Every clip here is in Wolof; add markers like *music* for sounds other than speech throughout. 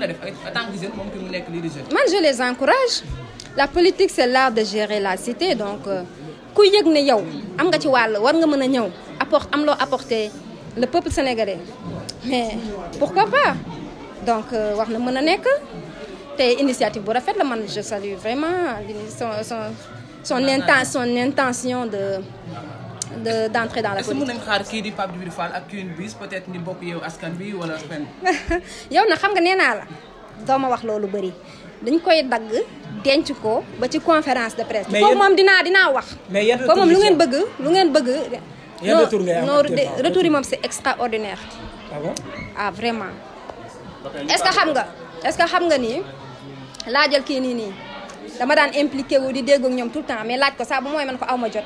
la def en tant que jeune moom fi mu nekk man je les encourage la politique c'est l'art de gérer la cité donc euh, ku yëg ne yow am nga ci wàll war nga mën a ñëw apport am loo apporté le peuple sénégalais mais pourquoi pas donc euh, wax na mën a nekk te initiative bu rafet la man je salue vraiment euh, son son son inten son intention de. de d' entrer dans la politique. est ce que mën nañu xaar kii di Pape Djibril Fall ak Queen Biz peut être ni bokk yow askan bi wala fenn. *laughs* yow na xam nga nee naa la doo ma wax loolu bëri dañ koy dagg denc ko ba ci conférence de presse. mais foofu moom dinaa dinaa wax. mais yan retours moom lu ngeen bëgg lu ngeen bëgg. yan retours ngay am non retours yi moom c' extraordinaire. ah bon ah, vraiment. est ce xam nga est ce xam nga ni laajal kii nii nii dama daan impliqué wu di dégg ak ñoom tout le temps mais laaj ko saa bu mooy jot.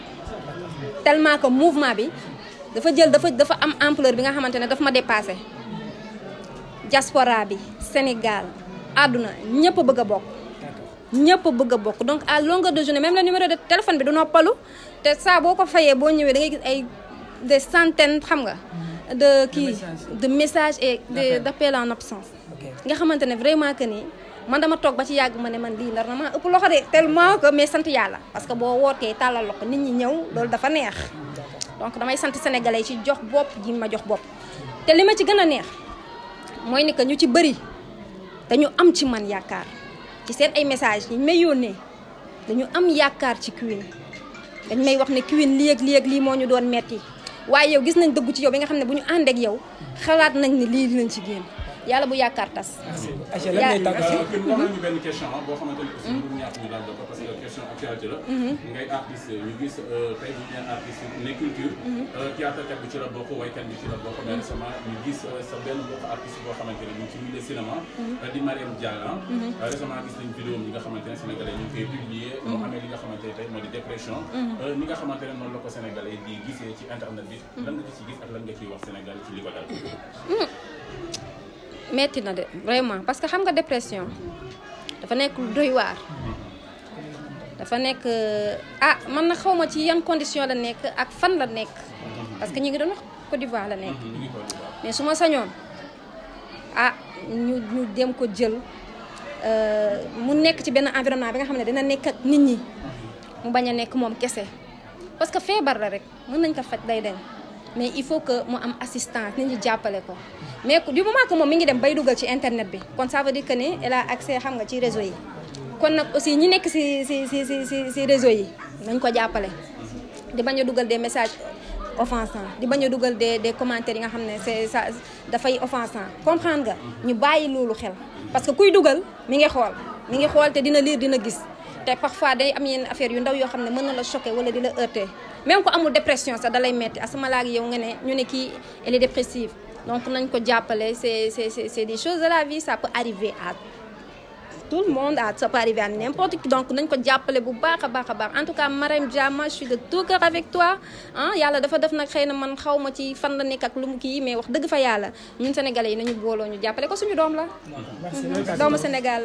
tellement que mouvement bi dafa jël dafa dafa am ampleur bi nga xamante ne daf ma dépassé diaspora bi Sénégal àdduna ñëpp bëgg a bokk ñëpp bëgg a bokk donc à longueur de journée même le numéro de téléphone bi du noppalu te saa boo ko fayee boo ñëwee da gis ay des centaines xam nga de kii de message et de d'appel en absence nga xamante ne vraiment que nii man dama toog ba ci yàgg ma ne man lii nar na ma ëpp loxo de tellement que mais sant yàlla parce que boo wootee tàllal loxo nit ñi ñëw loolu dafa neex donc damay sant yi ci jox bopp ji ma jox bopp te li ma ci gën a neex mooy ni que ñu ci bëri dañu am ci man yaakaar ci seen ay message yi may yónnee dañu am yaakaar ci Queen dañ may wax ne Queen li ak lii ak lii moo ñu doon metti waaye yow gis nañ dëgg ci yow bi nga xam ne bu ñu ànd ak yow xalaat nañ ne lii dinañ ci génn yàlla bu yaakaar tas. merci Aïcha lan benn question boo xamante ne aussi bu mm-hmm. ñaata ñu laaj la ko parce question actualité la. Mm-hmm. ngay artiste ñu gis euh, tey bu ñu artiste ne culture. Mm-hmm. Euh, théâtre kat bi ci la bokk waykat bi ci la bokk. mais récemment ñu gis euh, sa benn mbokku artiste boo xamante ne ñu ngi ci milieu cinéma. di Mariam Diallo. récemment gis nañu vidéo yi nga xamante ne sénégalais ñu ngi koy publier. mu amee nga xamante ne tey moo di dépression. ni nga xamante ne noonu la ko sénégalais di gisee ci internet bi. lan nga gis ak lan nga ciy wax Sénégal ci li ko metti na de vraiment parce que xam nga dépression dafa nekk lu doy waar dafa nekk ah man na xawma ci yan condition la nekk ak fan la nekk parce que ñi ngi doon wax Côte d'Ivoire la nekk mais su ma sañoon ah ñu ñu dem ko jël euh, mu nekk ci benn environnement bi nga xam ne dina nekk ak nit ñi mu bañ a nekk moom kese parce que feebar la rek mën nañ ko faj lay deñ mais il faut que mu am assistance nit ñu jàppale ko mais du moment que moom mi ngi dem bay dugal ci internet bi kon saa veut di que ni elle a accès xam nga ci réseau yi kon nag aussi ñu nekk si si ci réseau yi nañ ko jàppale di bañ a dugal de message offensants di bañ a dugal de des commentaires yi nga xam ne c'est ça dafay offensant comprendre nga ñu bàyyi loolu xel parce que kuy dugal mi ngi xool mi ngi xool te dina lire dina gis te parfois day am yenn affaire yu ndaw yoo xam ne mën na la choqué wala di la heurté même ko amul dépression sax da lay metti asama laag yow nga ne ñu ne kii elle est donc nañ ko jàppale c'est c'est c'est des choses de la vie ça peut arriver à tout le monde ah ça peut arriver à n'importe qui donc nañ ko jàppale bu baax a baax a baax en tout cas Marème Diama je suis de tout cœur avec toi ah, yàlla dafa def nag xëy na man xaw ma ci fan la nekk ak lu mu kii mais wax dëgg fa yàlla ñun sénégalais yi nañu booloo ñu jàppale ko suñu doom la. Mhm. doomu Sénégal